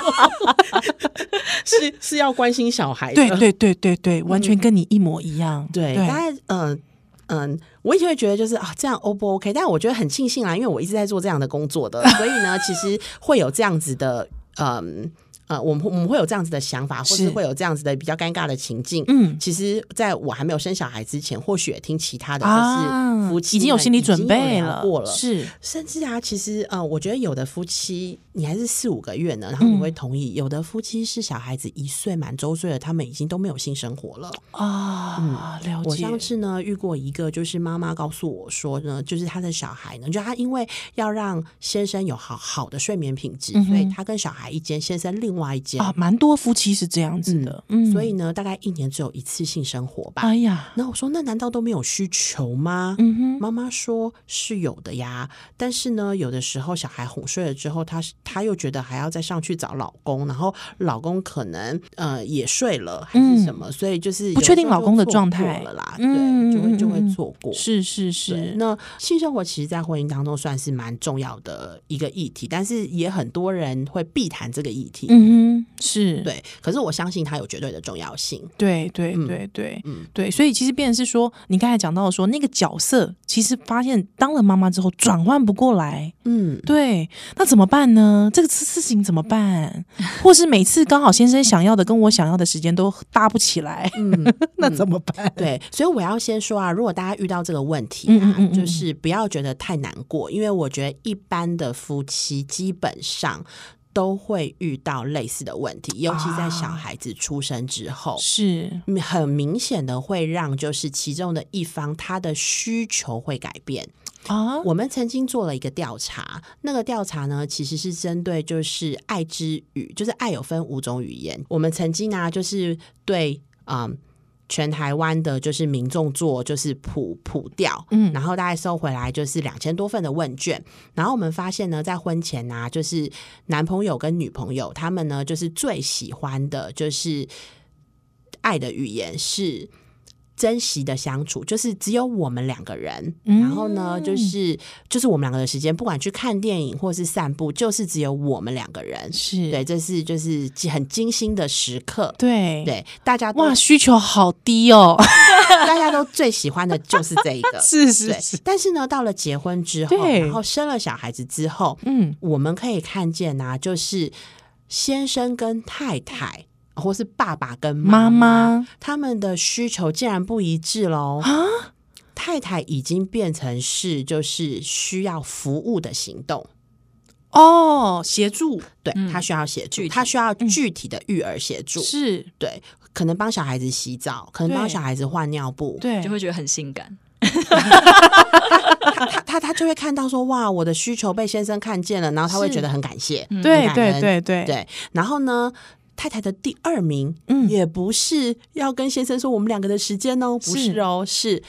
是是要關心小孩的，對對對對對，完全跟你一模一樣。嗯、對，大家嗯嗯，我以前會覺得就是啊，這樣 O 不 OK？但我覺得很慶幸啊，因為我一直在做這樣的工作的， 所以呢，其實會有這樣子的嗯。呃，我們我們會有這樣子的想法，或是會有這樣子的比較尷尬的情境。嗯，其實在我還沒有生小孩之前，或許也聽其他的，就是夫妻、啊、已經有心理準備了，過了，是。甚至啊，其實呃，我覺得有的夫妻，你還是四五個月呢，然後你會同意；嗯、有的夫妻是小孩子一歲滿周歲了，他們已經都沒有性生活了啊、嗯。了解。我上次呢遇過一個，就是媽媽告訴我說呢，就是他的小孩呢，就他因為要讓先生有好好的睡眠品質、嗯，所以他跟小孩一間，先生另外外啊，蠻多夫妻是這樣子的、嗯嗯，所以呢，大概一年只有一次性生活吧。哎呀，那我說，那難道都沒有需求嗎？嗯哼，媽媽說是有的呀，但是呢，有的時候小孩哄睡了之後，她她又覺得還要再上去找老公，然後老公可能呃也睡了還是什麼，嗯、所以就是就不確定老公的狀態了啦。對，就會就會錯過嗯嗯嗯。是是是，那性生活其實，在婚姻當中算是蠻重要的一個議題，但是也很多人會避談這個議題。嗯嗯，是對，可是我相信他有絕對的重要性。對，對，對，對，嗯，對，所以其實變的是說，你剛才講到說，那個角色其實發現當了媽媽之後轉換不過來。嗯，對，那怎麼辦呢？這個事情怎麼辦？嗯、或是每次剛好先生想要的跟我想要的時間都搭不起來。嗯， 那怎麼辦？對，所以我要先說啊，如果大家遇到這個問題、啊嗯嗯嗯嗯，就是不要覺得太難過，因為我覺得一般的夫妻基本上。都會遇到類似的問題，尤其在小孩子出生之後，啊、是很明顯的會讓就是其中的一方他的需求會改變啊。我們曾經做了一個調查，那個調查呢其實是針對就是愛之語，就是愛有分五種語言。我們曾經呢、啊、就是對啊。嗯全台灣的就是民眾做就是普普調，嗯，然後大概收回來就是兩千多份的問卷，然後我們發現呢，在婚前呢，啊，就是男朋友跟女朋友他們呢，就是最喜歡的就是愛的語言是。珍惜的相處就是只有我們兩個人，嗯，然後呢，就是就是我們兩個的時間，不管去看電影或是散步，就是只有我們兩個人，是對，這是就是很精心的時刻，對對，大家都哇，需求好低哦， 大家都最喜歡的就是這一個， 是是是，但是呢，到了結婚之後，然後生了小孩子之後，嗯，我們可以看見吶、啊，就是先生跟太太。或是爸爸跟媽媽媽媽他們的需求竟然不一致嘍，太太已經變成是就是需要服務的行動哦，協助對、嗯、他需要協助，他需要具體的育兒協助、嗯、對是對，可能幫小孩子洗澡，可能幫小孩子換尿布，對，就會覺得很性感。他他，他，他就會看到說，哇，我的需求被先生看見了，然後他會覺得很感謝，嗯、感對對對對，對，然後呢，太太的第二名，嗯，也不是要跟先生說我們兩個的時間哦、喔，不是哦、喔，是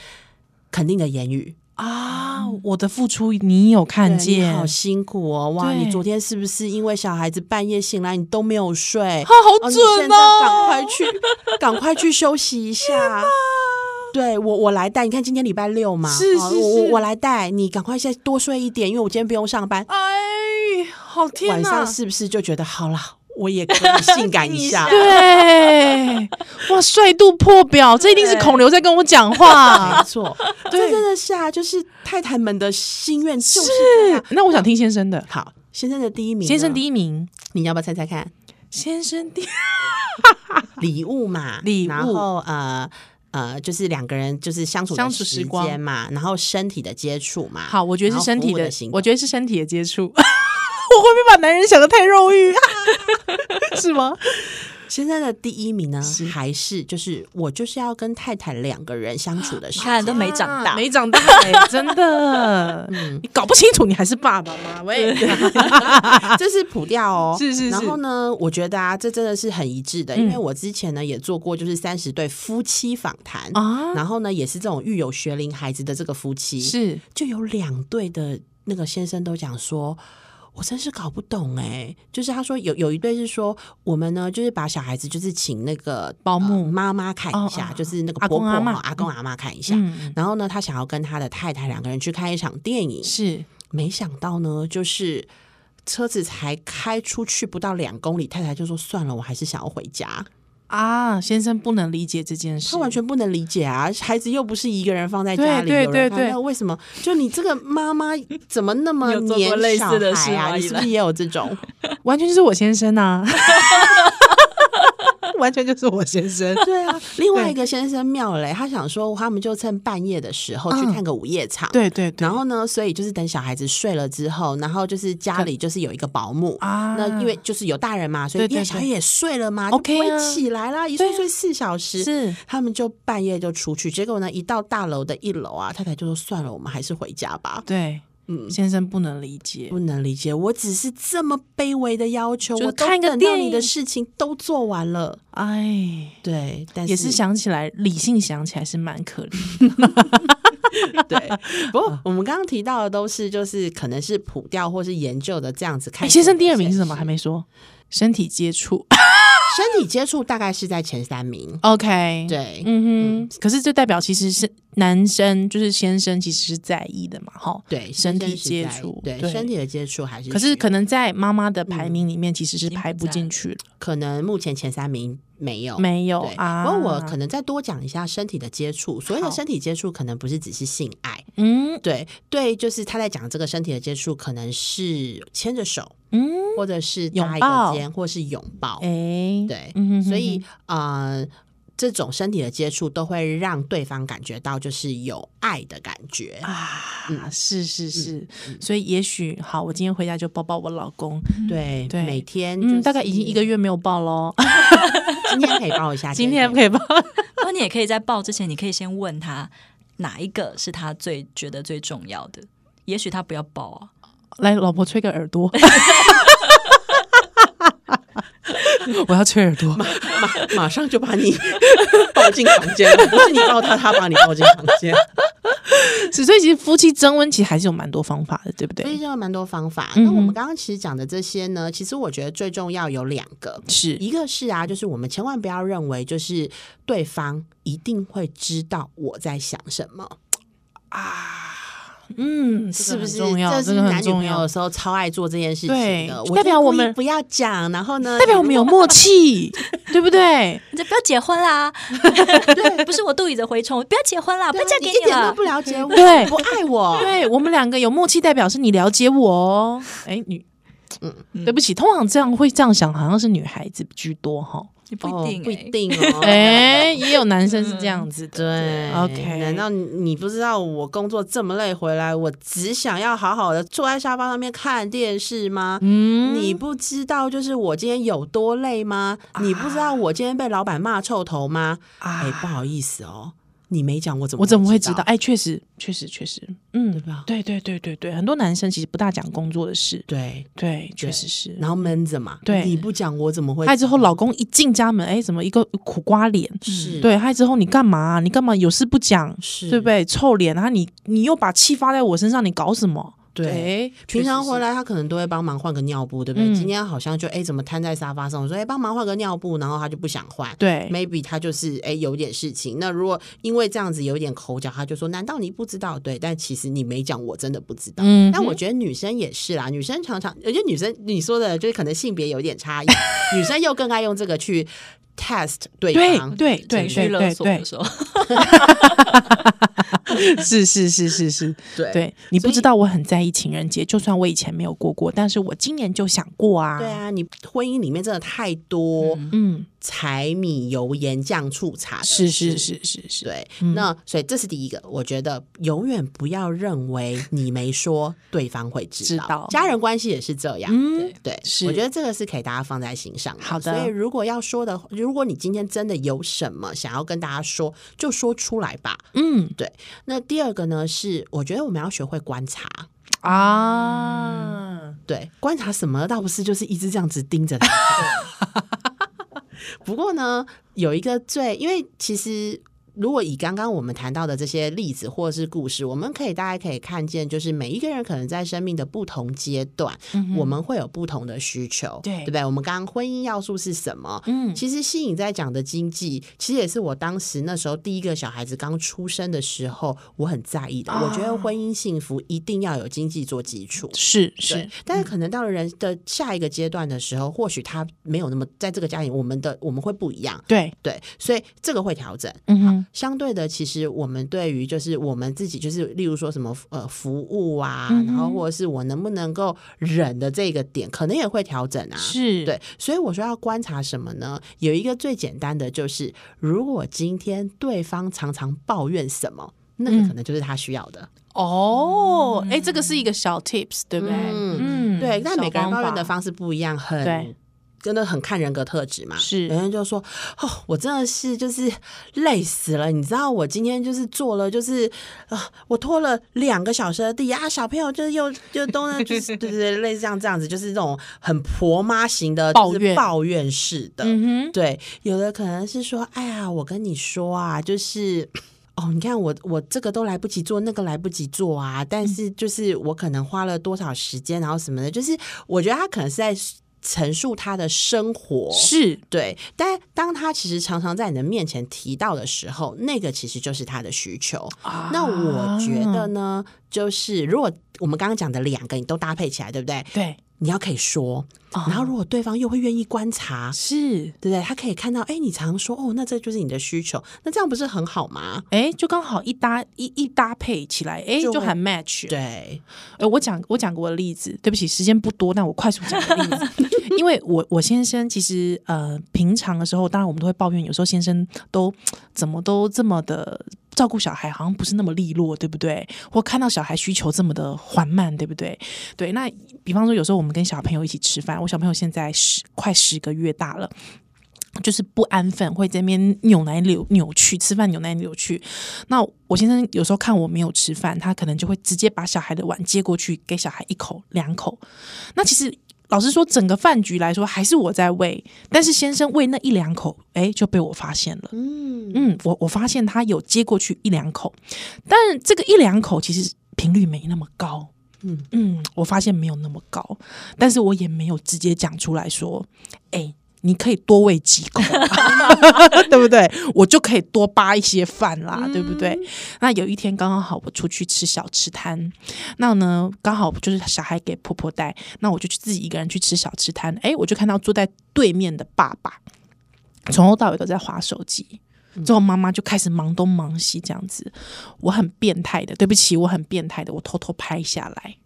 肯定的言語啊、嗯。我的付出你有看見？好辛苦哦、喔，哇！你昨天是不是因為小孩子半夜醒來，你都沒有睡？好、啊、好準哦、喔！趕、啊、快去，趕快去休息一下。啊、對我，我來帶你看，今天禮拜六嘛，是是，是、啊、我我來帶你，趕快先多睡一點，因為我今天不用上班。哎，好聽啊！晚上是不是就覺得好了？我也可以性感一下， 一下對，哇，帥度破表，這一定是孔劉在跟我講話。對沒錯，這真的是啊，就是太太們的心願就是這樣是。那我想聽先生的，好，先生的第一名，先生第一名，你要不要猜猜看？先生第一名，第 禮物嘛，禮物，然後呃呃，就是兩個人就是相處相處時間嘛，然後身體的接觸嘛。好，我覺得是身體的，的行我覺得是身體的接觸。 我會不會把男人想得太肉欲？啊， 是嗎？現在的第一名呢，還是就是我就是要跟太太兩個人相處的時候，太太都沒長大，啊、沒長大、欸， 真的，嗯，你搞不清楚，你還是爸爸嗎？ 我也對， 這是普調哦，是，是是然後呢，我覺得啊，這真的是很一致的，是是是因為我之前呢、嗯、也做過就是三十對夫妻訪談啊，然後呢也是這種育有學齡孩子的這個夫妻，是就有兩對的那個先生都講說。我真是搞不懂哎、欸,就是他說有有一對是說我們呢，就是把小孩子就是請那個保姆媽媽看一下、哦，就是那個婆婆嘛、阿公阿媽、阿公阿媽看一下、嗯，然後呢，他想要跟他的太太兩個人去看一場電影，是沒想到呢，就是車子才開出去不到兩公里，太太就說算了，我還是想要回家。啊，先生不能理解這件事，他完全不能理解啊！孩子又不是一個人放在家裡，對對對，對，那為什麼？就你這個媽媽怎麼那麼年少？孩 啊、哎，你是不是也有這種？ 完全就是我先生吶、啊。 完全就是我先生。 對啊，另外一個先生妙嘞，他想說他們就趁半夜的時候去看個午夜場。嗯、對，對對。然後呢，所以就是等小孩子睡了之後，然後就是家裡就是有一個保姆啊。那因為就是有大人嘛，所以因為小孩也睡了嘛，OK 起來啦，okay 啊、一睡睡四小時。是、啊，他們就半夜就出去，結果呢，一到大樓的一樓啊，太太就說算了，我們還是回家吧。對。先生不能理解，嗯，不能理解。我只是這麼卑微的要求，就都我都等到你的事情都做完了。哎，對，但是也是想起來，理性想起來是蠻可憐。 對，不過、啊、我們剛剛提到的都是，就是可能是普調或是研究的這樣子。看先生第二名是什麼？還沒說，身體接觸。 身體接觸大概是在前三名，OK，對，嗯哼。可是這代表其實是男生，就是先生，其實是在意的嘛，齁。對，身體接觸，對身體的接觸還是。可是可能在媽媽的排名裡面，其實是排不進去，嗯，可能目前前三名沒有，沒有對啊。不過我可能再多講一下身體的接觸。所謂的身體接觸，可能不是只是性愛，嗯，對對，就是他在講這個身體的接觸，可能是牽着手。嗯，或者是擁抱，或者是擁抱，哎、欸，對，嗯、哼哼哼，所以啊、呃，這種身體的接觸都會讓對方感覺到就是有愛的感覺啊、嗯，是是是，嗯、所以也許好，我今天回家就抱抱我老公，嗯、對，對，每天、就是，嗯，大概已經一個月沒有抱嘍， 今天可以抱一下，今天可以抱，那 你也可以在抱之前，你可以先問他哪一個是他最覺得最重要的，也許他不要抱啊。來，老婆，吹個耳朵。 我要吹耳朵，馬馬，馬上就把你抱進房間，不是你抱他，他把你抱進房間。所以，其實夫妻增溫其實還是有蠻多方法的，對不對？對，有蠻多方法。那我們剛剛其實講的這些呢，嗯、其實我覺得最重要有兩個，是一個是啊，就是我們千萬不要認為就是對方一定會知道我在想什麼啊。嗯，是、這、不、個這個、是，這是很重要的時候，超愛做這件事情對，我代表我們不要講，然後呢？代表我們有默契， 對不對？你不要結婚啦！ 對，不是我肚裡的蛔蟲。不要結婚啦！啊、不要嫁給你了，你一點都不了解 我，對， 不愛我。對，我們兩個有默契，代表是你了解我。哎、欸，你嗯，嗯，對不起，通常這樣會這樣想，好像是女孩子居多哈。齁不一定、欸，oh, 不一定哦。 哎、欸，也有男生是這樣子的、嗯。對、嗯、對，OK，難道你不知道我工作這麼累回來，我只想要好好的坐在沙發上面看電視嗎？嗯，你不知道就是我今天有多累嗎？啊、你不知道我今天被老闆罵臭頭嗎？哎、啊欸，不好意思哦。你沒講我怎麼我怎麼會知道？哎，確實確實確實，嗯，對吧？對對對對，對，很多男生其實不大講工作的事，對對，確實是，然後悶着嘛，對，你不講我怎麼會？害之後老公一進家門，哎，怎麼一個苦瓜臉？是，對，害之後你幹嘛啊？你幹嘛有事不講？是，對不對？臭臉，然後你你又把氣發在我身上，你搞什麼？對，平常回來他可能都會幫忙換個尿布，對不對？今天好像就、嗯、哎，怎麼癱在沙發上？我說哎，幫忙換個尿布，然後他就不想換。對，maybe 他就是哎有點事情。那如果因為這樣子有點口角，他就說：難道你不知道？對，但其實你沒講，我真的不知道。嗯，但我覺得女生也是啦，女生常常，而且女生你說的就是可能性別有點差異， 女生又更愛用這個去。Test 對對對對對對對，是是是是是，對，對，你不知道我很在意情人節，就算我以前沒有過過，但是我今年就想過啊。對啊，你婚姻裡面真的太多，嗯。嗯柴米油鹽醬醋茶，是是是是是，對。嗯、那所以這是第一個，我覺得永遠不要認為你沒說，對方會知道。知道。家人關係也是這樣、嗯對，對，是。我覺得這個是可以大家放在心上的。好的。所以如果要說的，如果你今天真的有什麼想要跟大家說，就說出來吧。嗯，對。那第二個呢，是我覺得我們要學會觀察啊、嗯，對，觀察什麼倒不是，就是一直這樣子盯着他。 不過呢，有一個最，因為其實。如果以剛剛我們談到的這些例子或者是故事，我們可以大家可以看見，就是每一個人可能在生命的不同階段，嗯，我們會有不同的需求，對，對不對？我們剛剛婚姻要素是什麼？嗯，其實皓引在講的經濟，其實也是我當時那時候第一個小孩子剛出生的時候，我很在意的，哦。我覺得婚姻幸福一定要有經濟做基礎，是是。但是可能到了人的下一個階段的時候，嗯，或許他沒有那麼在這個家庭，我們的我們會不一樣，對對。所以這個會調整，嗯。相對的，其實我們對於就是我們自己，就是例如說什麼呃服務啊、嗯，然後或者是我能不能夠忍的這個點，可能也會調整啊。是對，所以我說要觀察什麼呢？有一個最簡單的，就是如果今天對方常常抱怨什麼，嗯、那個可能就是他需要的哦。哎，這個是一個小 tips，對不對？嗯嗯。對，但每個人抱怨的方式不一樣，很對。真的很看人格特質嘛？是，人家就說哦，我真的是就是累死了，你知道我今天就是做了，就是啊、呃，我拖了兩個小時的地啊，小朋友就是又就都就是 對，對對，類似像這樣子，就是這種很婆媽型的、就是、抱怨抱怨式的、嗯哼，對，有的可能是說，哎呀，我跟你說啊，就是哦，你看我我這個都來不及做，那個來不及做啊，但是就是我可能花了多少時間，然後什麼的，就是我覺得他可能是在。陳述他的生活是對，但當他其實常常在你的面前提到的時候，那個其實就是他的需求。啊。那我覺得呢，就是如果我們剛剛講的兩個你都搭配起來，對不對？對。你要可以說，然後如果對方又會願意觀察，是、哦，對不對？他可以看到，哎、欸，你常說哦，那這就是你的需求，那這樣不是很好嗎？哎、欸，就剛好一搭一一搭配起來，哎、欸，就很 match 就。對，哎、呃，我講我講過的例子，對不起，時間不多，但我快速講個例子。 因為我我先生其實呃，平常的時候，當然我們都會抱怨，有時候先生都怎麼都這麼的。照顧小孩好像不是那麼利落，對不對？或看到小孩需求這麼的緩慢，對不對？對，那比方說有時候我們跟小朋友一起吃飯，我小朋友現在十快十個月大了，就是不安分，會這邊扭來扭，扭去，吃飯扭來扭去。那我先生有時候看我沒有吃飯，他可能就會直接把小孩的碗接過去，給小孩一口兩口。那其實。老實說，整個飯局來說，還是我在餵。但是先生餵那一兩口，哎，就被我發現了。嗯，我我發現他有接過去一兩口，但這個一兩口其實頻率沒那麼高。嗯嗯，我發現沒有那麼高，但是我也沒有直接講出來說，哎。你可以多餵幾口， 對不對？我就可以多扒一些飯啦，嗯，對不對？那有一天剛剛好我出去吃小吃攤，那呢剛好就是小孩給婆婆帶，那我就去自己一個人去吃小吃攤。誒，我就看到坐在對面的爸爸，從頭到尾都在滑手機，之後媽媽就開始忙東忙西這樣子。我很變態的，對不起，我很變態的，我偷偷拍下來。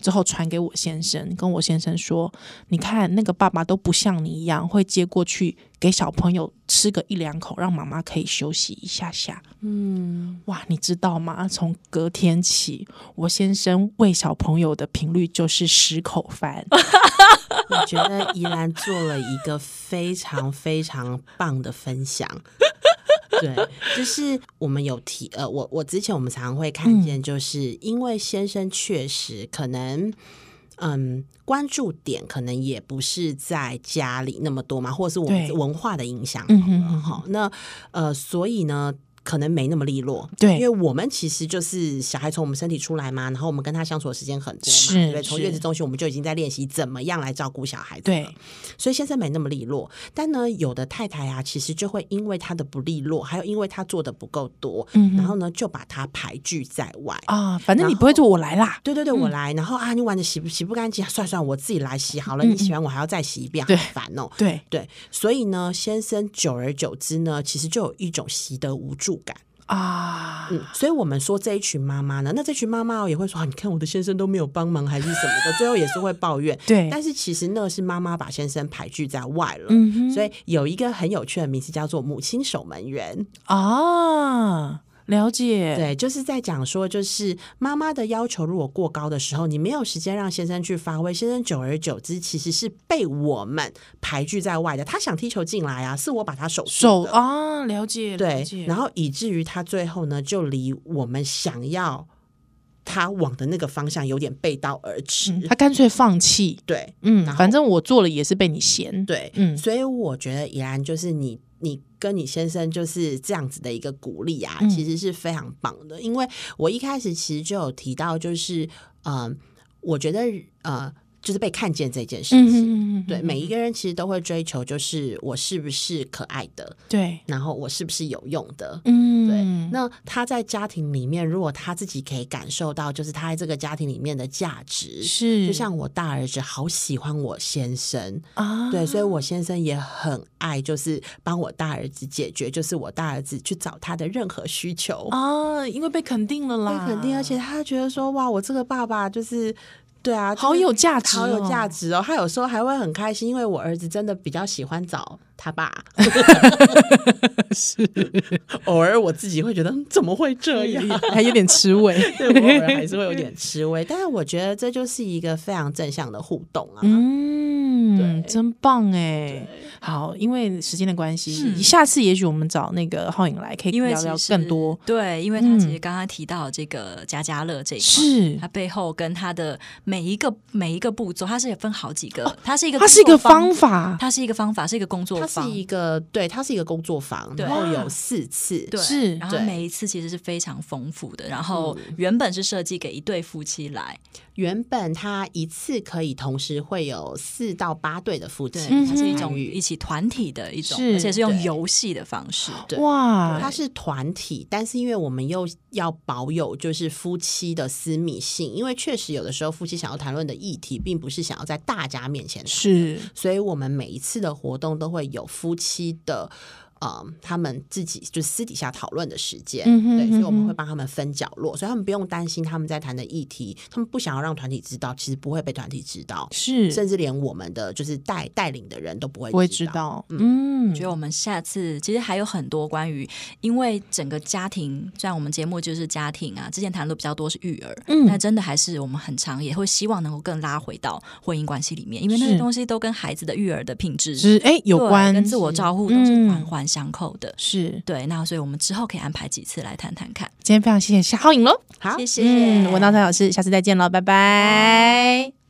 之後傳給我先生，跟我先生說：“你看那個爸爸都不像你一樣，會接過去。”給小朋友吃個一兩口，讓媽媽可以休息一下下。嗯，哇，你知道嗎？從隔天起，我先生餵小朋友的頻率就是十口飯。 我覺得宜蘭做了一個非常非常棒的分享。對，就是我們有提呃，我我之前我們常常會看見，就是因為先生確實可能。嗯，關注點可能也不是在家裡那麼多嘛，或者是我們文化的影響，哈好好嗯嗯。那呃，所以呢？可能沒那麼利落，對，因為我們其實就是小孩從我們身體出來嘛，然後我們跟他相處的時間很多嘛，對，從月子中心我們就已經在練習怎麼樣來照顧小孩子，對，所以先生沒那麼利落，但呢，有的太太啊，其實就會因為他的不利落，還有因為他做的不夠多，嗯，然後呢，就把他排拒在外、嗯、啊，反正你不會做，我來啦，對對對，我來、嗯，然後啊你碗的洗不洗不乾淨，算算我自己來洗好了、嗯，你洗完我還要再洗一遍，對，好煩哦、喔，對對，所以呢，先生久而久之呢，其實就有一種習得無助。啊、嗯，所以我們說這一群媽媽呢，那這群媽媽也會說、啊、你看我的先生都沒有幫忙，還是什麼的， 最後也是會抱怨。對，但是其實那是媽媽把先生排拒在外了、嗯哼。所以有一個很有趣的名字叫做母親守門員啊。了解，對，就是在講說，就是媽媽的要求如果過高的時候，你沒有時間讓先生去發揮，先生久而久之其實是被我們排拒在外的。他想踢球進來啊，是我把他手手、so, 啊了，了解，對。然後以至於他最後呢，就離我們想要他往的那個方向有點背道而馳、嗯，他乾脆放棄。對，嗯，反正我做了也是被你嫌，嗯、對，嗯，所以我覺得宜蘭就是你。你跟你先生就是這樣子的一個鼓勵啊、嗯，其實是非常棒的。因為我一開始其實就有提到，就是嗯、呃，我覺得呃。就是被看見這件事情，嗯哼嗯哼嗯哼嗯，對每一個人其實都會追求，就是我是不是可愛的，對，然後我是不是有用的，嗯，對。那他在家庭裡面，如果他自己可以感受到，就是他在這個家庭裡面的價值，是就像我大兒子好喜歡我先生啊，對，所以我先生也很愛，就是幫我大兒子解決，就是我大兒子去找他的任何需求啊，因為被肯定了啦，被肯定，而且他覺得說哇，我這個爸爸就是。對啊，好有價值，好有價值哦。他有、哦、有時候還會很開心，因為我兒子真的比較喜歡找他爸。 是，偶爾我自己會覺得怎麼會這樣，啊、還有點吃味。 對，我偶爾還是會有點吃味， 但是我覺得這就是一個非常正向的互動啊。嗯真棒，哎、欸！好，因為時間的關係、嗯，下次也許我們找那個皓引來，可以聊聊更多。對，因為他其實剛剛提到這個、嗯、家家樂這一塊，他背後跟他的每一個每一個步驟，它是也分好幾個、哦，它個，它個，它是一個，它是一個方法，它是一個方法，是一個工作坊，它是一個，對，它是一個工作坊，然後有四次、啊，對，是，然後每一次其實是非常豐富的，然後原本是設計給一對夫妻來。嗯原本他一次可以同時會有四到八對的夫妻，它、嗯、是一種一起團體的一種，是而且是用遊戲的方式。對，哇，它是團體，但是因為我們又要保有就是夫妻的私密性，因為確實有的時候夫妻想要談論的議題，並不是想要在大家面前說。是，所以我們每一次的活動都會有夫妻的。呃、嗯，他們自己就私底下討論的時間，對，所以我們會幫他們分角落、嗯哼哼哼，所以他們不用擔心他們在談的議題，他們不想要讓團體知道，其實不會被團體知道，是，甚至連我們的就是帶帶領的人都不會知道。不會知道嗯，嗯，覺得我們下次其實還有很多關於，因為整個家庭，雖然我們節目就是家庭啊，之前談的比較多是育兒，嗯，但真的還是我們很長也會希望能夠更拉回到婚姻關係裡面，因為那些東西都跟孩子的育兒的品質是哎、欸、有關、嗯，跟自我照顧都是換換。相扣的，是，對，那所以我們之後可以安排幾次來談談看。今天非常謝謝皓引嘍，好，謝謝，嗯，溫叨才老師，下次再見嘍，拜拜。Bye.